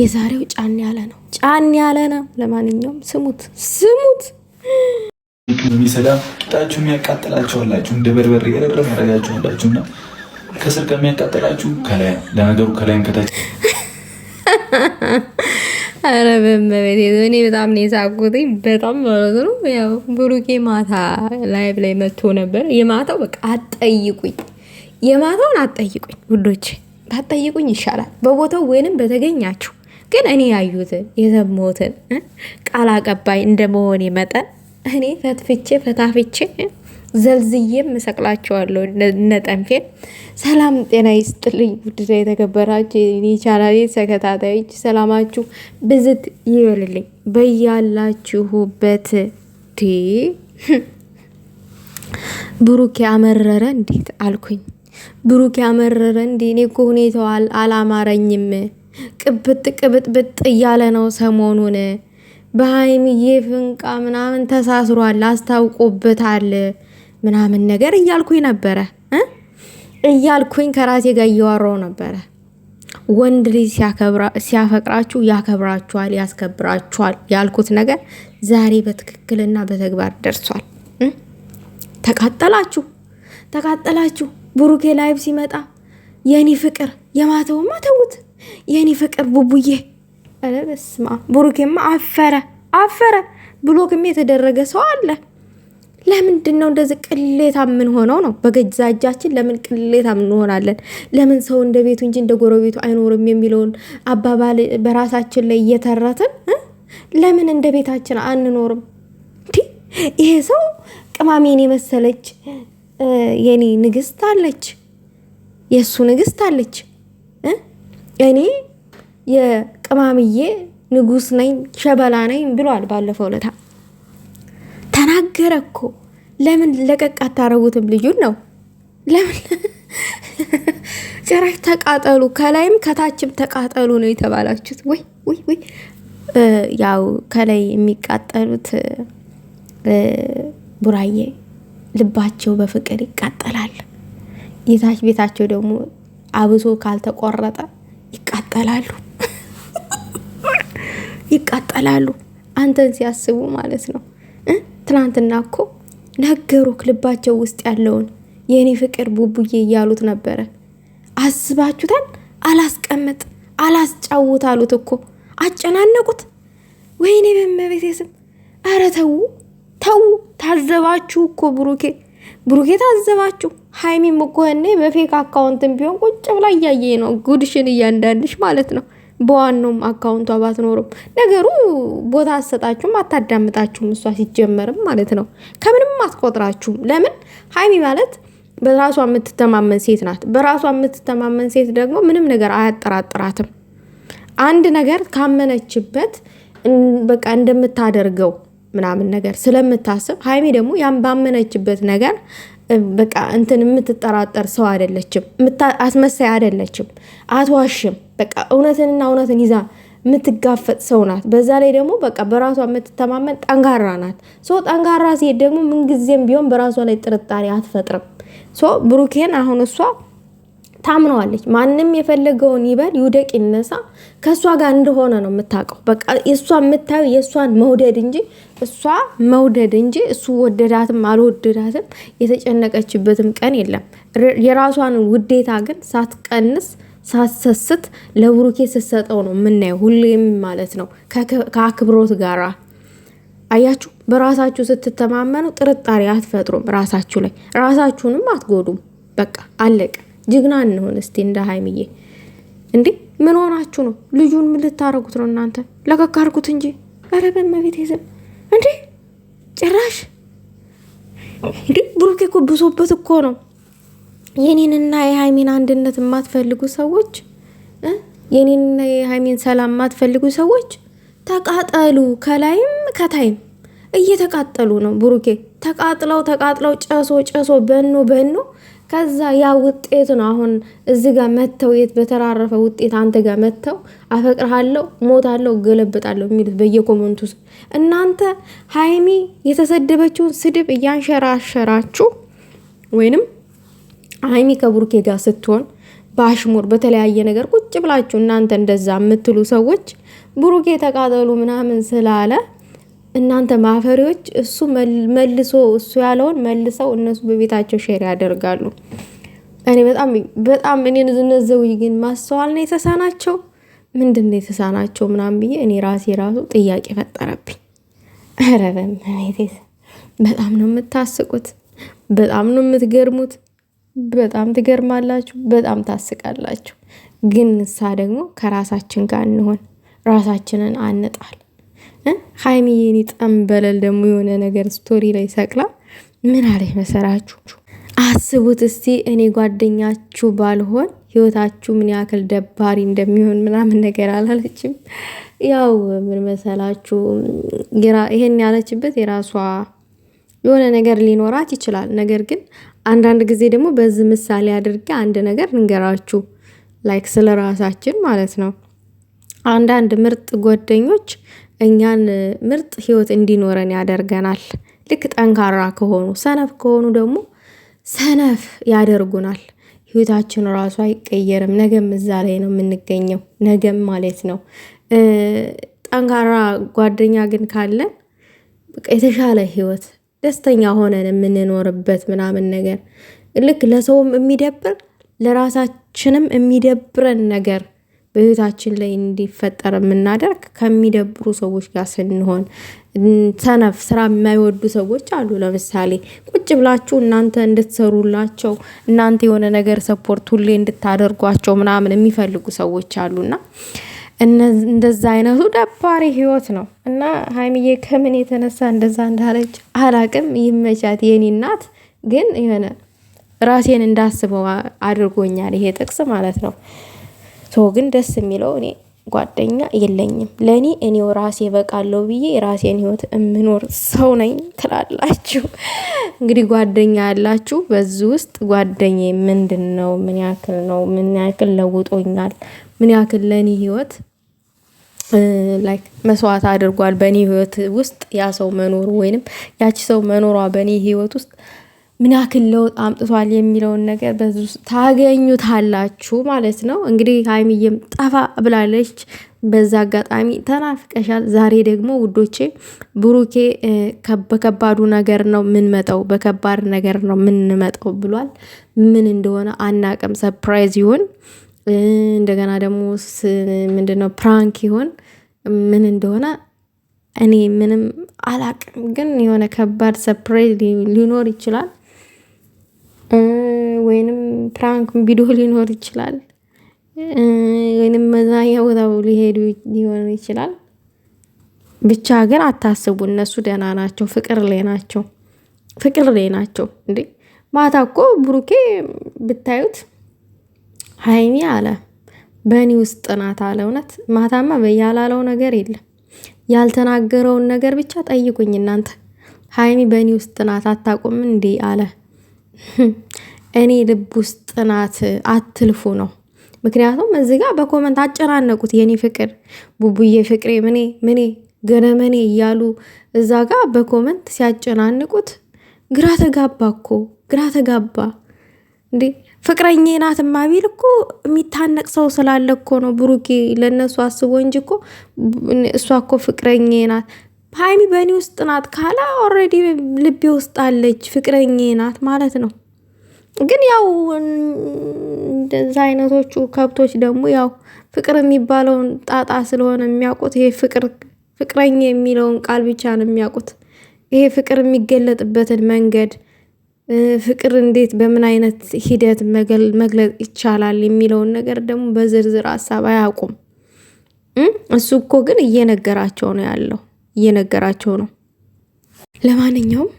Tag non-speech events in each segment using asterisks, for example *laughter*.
የዛሬው ጫን ያለ ነው፣ ጫን ያለ ነው። ለማንኛውም ስሙት ስሙት። የሚሰዳ ጣችሁ የሚያቃጥላችሁ አላችሁ፣ እንደ በርበር የረረ ማድረጋችሁ አላችሁ እና ከስር ከሚያቃጥላችሁ ከላይ ለነገሩ ከላይም ከታች *laughs* አረ በመቤት እኔ በጣም ነው የሳቁትኝ። በጣም ማለት ነው ያው ብሩኬ ማታ ላይቭ ላይ መጥቶ ነበር። የማታው በቃ አጠይቁኝ፣ የማታውን አጠይቁኝ ውዶች፣ ባትጠይቁኝ ይሻላል በቦታው ወይንም በተገኛችሁ ግን እኔ ያዩትን የሰማሁትን ቃል አቀባይ እንደመሆኔ መጠን እኔ ፈትፍቼ ፈታፍቼ ዘልዝዬም እሰቅላቸዋለሁ እነጠንፌን። ሰላም ጤና ይስጥልኝ ውድ የተከበራችሁ የቻናሌ ተከታታዮች ሰላማችሁ ብዝት ይበልልኝ በያላችሁበት። ብሩክ ያመረረ እንዴት አልኩኝ። ብሩክ ያመረረ እንዴ! እኔ እኮ ሁኔታው አላማረኝም። ቅብጥ ቅብጥብጥ እያለ ነው ሰሞኑን። በሀይሚዬ ፍንቃ ምናምን ተሳስሯል አስታውቆበታል ምናምን ነገር እያልኩኝ ነበረ እያልኩኝ ከራሴ ጋር እያወራው ነበረ። ወንድ ልጅ ሲያፈቅራችሁ ያከብራችኋል፣ ያስከብራችኋል ያልኩት ነገር ዛሬ በትክክልና በተግባር ደርሷል። ተቃጠላችሁ ተቃጠላችሁ። ብሩኬ ላይቭ ሲመጣ የእኔ ፍቅር የማተውማ ተዉት። የኔ ፍቅር ቡቡዬ አለ። በስማ ብሩኬማ አፈረ አፈረ። ብሎክም የተደረገ ሰው አለ። ለምንድን ነው እንደዚህ ቅሌታ የምንሆነው ነው? በገዛ እጃችን ለምን ቅሌታ የምንሆናለን? ለምን ሰው እንደ ቤቱ እንጂ እንደ ጎረቤቱ አይኖርም የሚለውን አባባል በራሳችን ላይ እየተረትን ለምን እንደ ቤታችን አንኖርም? እንዲህ ይሄ ሰው ቅማሜን የመሰለች የኔ ንግስት አለች፣ የእሱ ንግስት አለች። እኔ የቅማምዬ ንጉስ ነኝ ሸበላ ነኝ ብሏል። ባለፈው ለታ ተናገረ እኮ። ለምን ለቀቅ አታረጉትም? ልዩን ነው ለምን *laughs* ጭራሽ ተቃጠሉ፣ ከላይም ከታችም ተቃጠሉ ነው የተባላችሁት? ወይ ወይ ወይ ያው ከላይ የሚቃጠሉት ቡራዬ ልባቸው በፍቅር ይቃጠላል። የታች ቤታቸው ደግሞ አብሶ ካልተቆረጠ ይቃጠላሉ ይቃጠላሉ አንተን ሲያስቡ ማለት ነው። ትናንትና እኮ ነገሩክ ልባቸው ውስጥ ያለውን የእኔ ፍቅር ቡቡዬ እያሉት ነበረ። አስባችሁታል? አላስቀምጥ አላስጫውት አሉት እኮ አጨናነቁት። ወይኔ በመቤቴ ስም ኧረ ተዉ ተዉ፣ ታዘባችሁ እኮ ብሩኬ ብሩኬ ታዘባችሁ። ሀይሚ ምኮህኔ በፌክ አካውንትም ቢሆን ቁጭ ብላ እያየ ነው ጉድሽን እያንዳንድሽ ማለት ነው። በዋናውም አካውንቷ ባትኖርም ነገሩ ቦታ አሰጣችሁም አታዳምጣችሁም። እሷ ሲጀመርም ማለት ነው ከምንም አትቆጥራችሁም። ለምን ሀይሚ ማለት በራሷ የምትተማመን ሴት ናት። በራሷ የምትተማመን ሴት ደግሞ ምንም ነገር አያጠራጥራትም። አንድ ነገር ካመነችበት በቃ እንደምታደርገው ምናምን ነገር ስለምታስብ ሀይሚ ደግሞ ያን ባመነችበት ነገር በቃ እንትን የምትጠራጠር ሰው አይደለችም። አስመሳይ አይደለችም። አትዋሽም። በቃ እውነትንና እውነትን ይዛ የምትጋፈጥ ሰው ናት። በዛ ላይ ደግሞ በቃ በራሷ የምትተማመን ጠንካራ ናት። ሶ ጠንካራ ሴት ደግሞ ምንጊዜም ቢሆን በራሷ ላይ ጥርጣሬ አትፈጥርም። ሶ ብሩኬን አሁን እሷ ታምነዋለች። ማንም የፈለገውን ይበል ይውደቅ ይነሳ፣ ከእሷ ጋር እንደሆነ ነው የምታውቀው። በቃ የእሷ የምታየው የእሷን መውደድ እንጂ እሷ መውደድ እንጂ እሱ ወደዳትም አልወደዳትም የተጨነቀችበትም ቀን የለም። የራሷን ውዴታ ግን ሳትቀንስ ሳትሰስት ለብሩኬ ስትሰጠው ነው የምናየው ሁሌም ማለት ነው ከአክብሮት ጋር አያችሁ በራሳችሁ ስትተማመኑ ጥርጣሬ አትፈጥሩም። ራሳችሁ ላይ ራሳችሁንም አትጎዱም። በቃ አለቀ። ጀግና እንሆን እስቲ እንደ ሀይምዬ። እንዴ ምን ሆናችሁ ነው? ልጁን ምን ልታረጉት ነው እናንተ? ለከካርኩት አድርጉት እንጂ። ኧረ በእመቤቴ ስም እንዴ ጭራሽ እንዴ ብሩኬ እኮ ብሶበት እኮ ነው። የኔንና የሀይሜን አንድነት የማትፈልጉ ሰዎች፣ የኔንና የሀይሜን ሰላም የማትፈልጉ ሰዎች ተቃጠሉ። ከላይም ከታይም እየተቃጠሉ ነው። ብሩኬ ተቃጥለው ተቃጥለው ጨሶ ጨሶ በኖ በኖ ከዛ ያ ውጤት ነው አሁን እዚ ጋር መተው የት በተራረፈ ውጤት አንተ ጋር መተው አፈቅርሃለሁ፣ ሞታለሁ፣ እገለበጣለሁ የሚሉት በየኮመንቱ እናንተ ሀይሚ የተሰደበችውን ስድብ እያንሸራሸራችሁ ወይንም ሀይሚ ከቡርኬ ጋር ስትሆን በአሽሙር በተለያየ ነገር ቁጭ ብላችሁ እናንተ እንደዛ የምትሉ ሰዎች ቡሩኬ ተቃጠሉ ምናምን ስላለ እናንተ ማፈሪዎች፣ እሱ መልሶ እሱ ያለውን መልሰው እነሱ በቤታቸው ሼር ያደርጋሉ። እኔ በጣም በጣም እኔን ዝነዘውኝ ግን ማስተዋል ነው የተሳናቸው ምንድን ነው የተሳናቸው ምናምን ብዬ እኔ ራሴ ራሱ ጥያቄ ፈጠረብኝ። ኧረ በጣም ነው የምታስቁት፣ በጣም ነው የምትገርሙት፣ በጣም ትገርማላችሁ፣ በጣም ታስቃላችሁ። ግን እሳ ደግሞ ከራሳችን ጋር እንሆን፣ ራሳችንን አንጣል። ሀይሚ የኔ ጠንበለል ደግሞ የሆነ ነገር ስቶሪ ላይ ሰቅላ ምን አለች መሰራችሁ? አስቡት እስቲ እኔ ጓደኛችሁ ባልሆን ህይወታችሁ ምን ያክል ደባሪ እንደሚሆን ምናምን ነገር አላለችም። ያው ምን መሰላችሁ ይሄን ያለችበት የራሷ የሆነ ነገር ሊኖራት ይችላል። ነገር ግን አንዳንድ ጊዜ ደግሞ በዚህ ምሳሌ አድርጌ አንድ ነገር እንገራችሁ፣ ላይክ ስለ ራሳችን ማለት ነው። አንዳንድ ምርጥ ጓደኞች እኛን ምርጥ ህይወት እንዲኖረን ያደርገናል። ልክ ጠንካራ ከሆኑ ሰነፍ ከሆኑ ደግሞ ሰነፍ ያደርጉናል። ህይወታችን ራሱ አይቀየርም ነገም እዛ ላይ ነው የምንገኘው ነገም ማለት ነው። ጠንካራ ጓደኛ ግን ካለን የተሻለ ህይወት ደስተኛ ሆነን የምንኖርበት ምናምን ነገር ልክ ለሰውም የሚደብር ለራሳችንም የሚደብረን ነገር በህይወታችን ላይ እንዲፈጠር የምናደርግ ከሚደብሩ ሰዎች ጋር ስንሆን ሰነፍ ስራ የማይወዱ ሰዎች አሉ። ለምሳሌ ቁጭ ብላችሁ እናንተ እንድትሰሩላቸው እናንተ የሆነ ነገር ሰፖርት ሁሌ እንድታደርጓቸው ምናምን የሚፈልጉ ሰዎች አሉና እንደዛ አይነቱ ደባሪ ህይወት ነው እና ሀይሚዬ ከምን የተነሳ እንደዛ እንዳለች አላቅም። ይመቻት የኔ እናት። ግን የሆነ ራሴን እንዳስበው አድርጎኛል ይሄ ጥቅስ ማለት ነው። ሶ ግን ደስ የሚለው እኔ ጓደኛ የለኝም። ለእኔ እኔው ራሴ በቃለው ብዬ የራሴን ህይወት የምኖር ሰው ነኝ ትላላችሁ። እንግዲህ ጓደኛ ያላችሁ በዚህ ውስጥ ጓደኛ ምንድን ነው? ምን ያክል ነው? ምን ያክል ለውጦኛል? ምን ያክል ለእኔ ህይወት ላይክ መስዋዕት አድርጓል? በእኔ ህይወት ውስጥ ያ ሰው መኖሩ ወይንም ያቺ ሰው መኖሯ በእኔ ህይወት ውስጥ ምን ያክል ለውጥ አምጥቷል የሚለውን ነገር በዚህ ውስጥ ታገኙታላችሁ ማለት ነው። እንግዲህ ሀይሚዬም ጠፋ ብላለች። በዛ አጋጣሚ ተናፍቀሻል። ዛሬ ደግሞ ውዶቼ ብሩኬ በከባዱ ነገር ነው ምንመጠው፣ በከባድ ነገር ነው ምንመጣው ብሏል። ምን እንደሆነ አናቅም። ሰፕራይዝ ይሆን እንደገና ደግሞ ምንድነው ፕራንክ ይሆን ምን እንደሆነ እኔ ምንም አላቅም፣ ግን የሆነ ከባድ ሰፕራይዝ ሊኖር ይችላል። ወይንም ፕራንክ ቪዲዮ ሊኖር ይችላል። ወይንም መዝናኛ ቦታ ሊሄዱ ሊሆን ይችላል። ብቻ ግን አታስቡ እነሱ ደህና ናቸው ፍቅር ላይ ናቸው። ፍቅር ላይ ናቸው እንዴ ማታ እኮ ብሩኬ ብታዩት ሀይሚ አለ በእኔ ውስጥ ናት አለ። እውነት ማታማ ያላለው ነገር የለም። ያልተናገረውን ነገር ብቻ ጠይቁኝ እናንተ ሀይሚ በእኔ ውስጥ ናት አታቁም እንዴ አለ እኔ ልብ ውስጥ ጥናት አትልፉ ነው። ምክንያቱም እዚህ ጋር በኮመንት አጨናነቁት የኔ ፍቅር ቡቡዬ ፍቅሬ ምኔ ምኔ ገረመኔ እያሉ እዛ ጋ በኮመንት ሲያጨናንቁት ግራ ተጋባ እኮ ግራ ተጋባ እንዴ። ፍቅረኛ ናት ማቢል እኮ የሚታነቅ ሰው ስላለ እኮ ነው ብሩኬ ለእነሱ አስቦ እንጂ እኮ እሷ እኮ ፍቅረኛ ናት ሀይሚ በእኔ ውስጥ ናት ካላ ኦልሬዲ ልቤ ውስጥ አለች ፍቅረኛ ናት ማለት ነው። ግን ያው እንደዛ አይነቶቹ ከብቶች ደግሞ ያው ፍቅር የሚባለውን ጣጣ ስለሆነ የሚያውቁት ይሄ ፍቅር ፍቅረኛ የሚለውን ቃል ብቻ ነው የሚያውቁት። ይሄ ፍቅር የሚገለጥበትን መንገድ ፍቅር እንዴት በምን አይነት ሂደት መግለጽ ይቻላል የሚለውን ነገር ደግሞ በዝርዝር ሀሳብ አያውቁም። እሱ እኮ ግን እየነገራቸው ነው ያለው፣ እየነገራቸው ነው። ለማንኛውም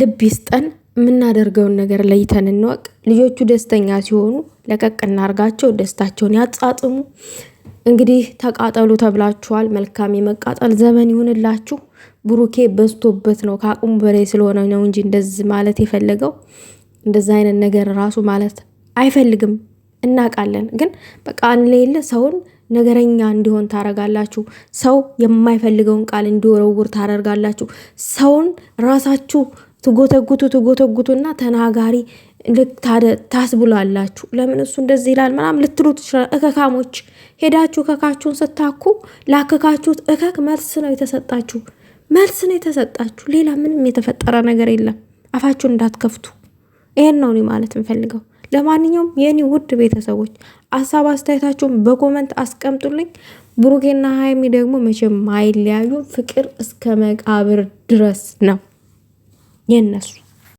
ልብ ይስጠን። የምናደርገውን ነገር ለይተን እንወቅ። ልጆቹ ደስተኛ ሲሆኑ ለቀቅ እናርጋቸው፣ ደስታቸውን ያጣጥሙ። እንግዲህ ተቃጠሉ ተብላችኋል። መልካም የመቃጠል ዘመን ይሁንላችሁ። ብሩኬ በዝቶበት ነው ከአቅሙ በላይ ስለሆነ ነው እንጂ እንደዚህ ማለት የፈለገው እንደዚህ አይነት ነገር ራሱ ማለት አይፈልግም። እናውቃለን ግን በቃ አንለየለ ሰውን ነገረኛ እንዲሆን ታረጋላችሁ። ሰው የማይፈልገውን ቃል እንዲወረውር ታደርጋላችሁ። ሰውን ራሳችሁ ትጎተጉቱ ትጎተጉቱና ተናጋሪ ታስ ብሏላችሁ ለምን እሱ እንደዚህ ይላል ምናምን ልትሉ ትችላል። እከካሞች ሄዳችሁ እከካችሁን ስታኩ ላከካችሁት እከክ መልስ ነው የተሰጣችሁ፣ መልስ ነው የተሰጣችሁ። ሌላ ምንም የተፈጠረ ነገር የለም። አፋችሁን እንዳትከፍቱ። ይሄን ነው እኔ ማለት እንፈልገው። ለማንኛውም የኔ ውድ ቤተሰቦች አሳብ አስተያየታችሁን በኮመንት አስቀምጡልኝ። ብሩኬና ሀይሚ ደግሞ መቼም አይለያዩም፣ ፍቅር እስከ መቃብር ድረስ ነው። የእነሱ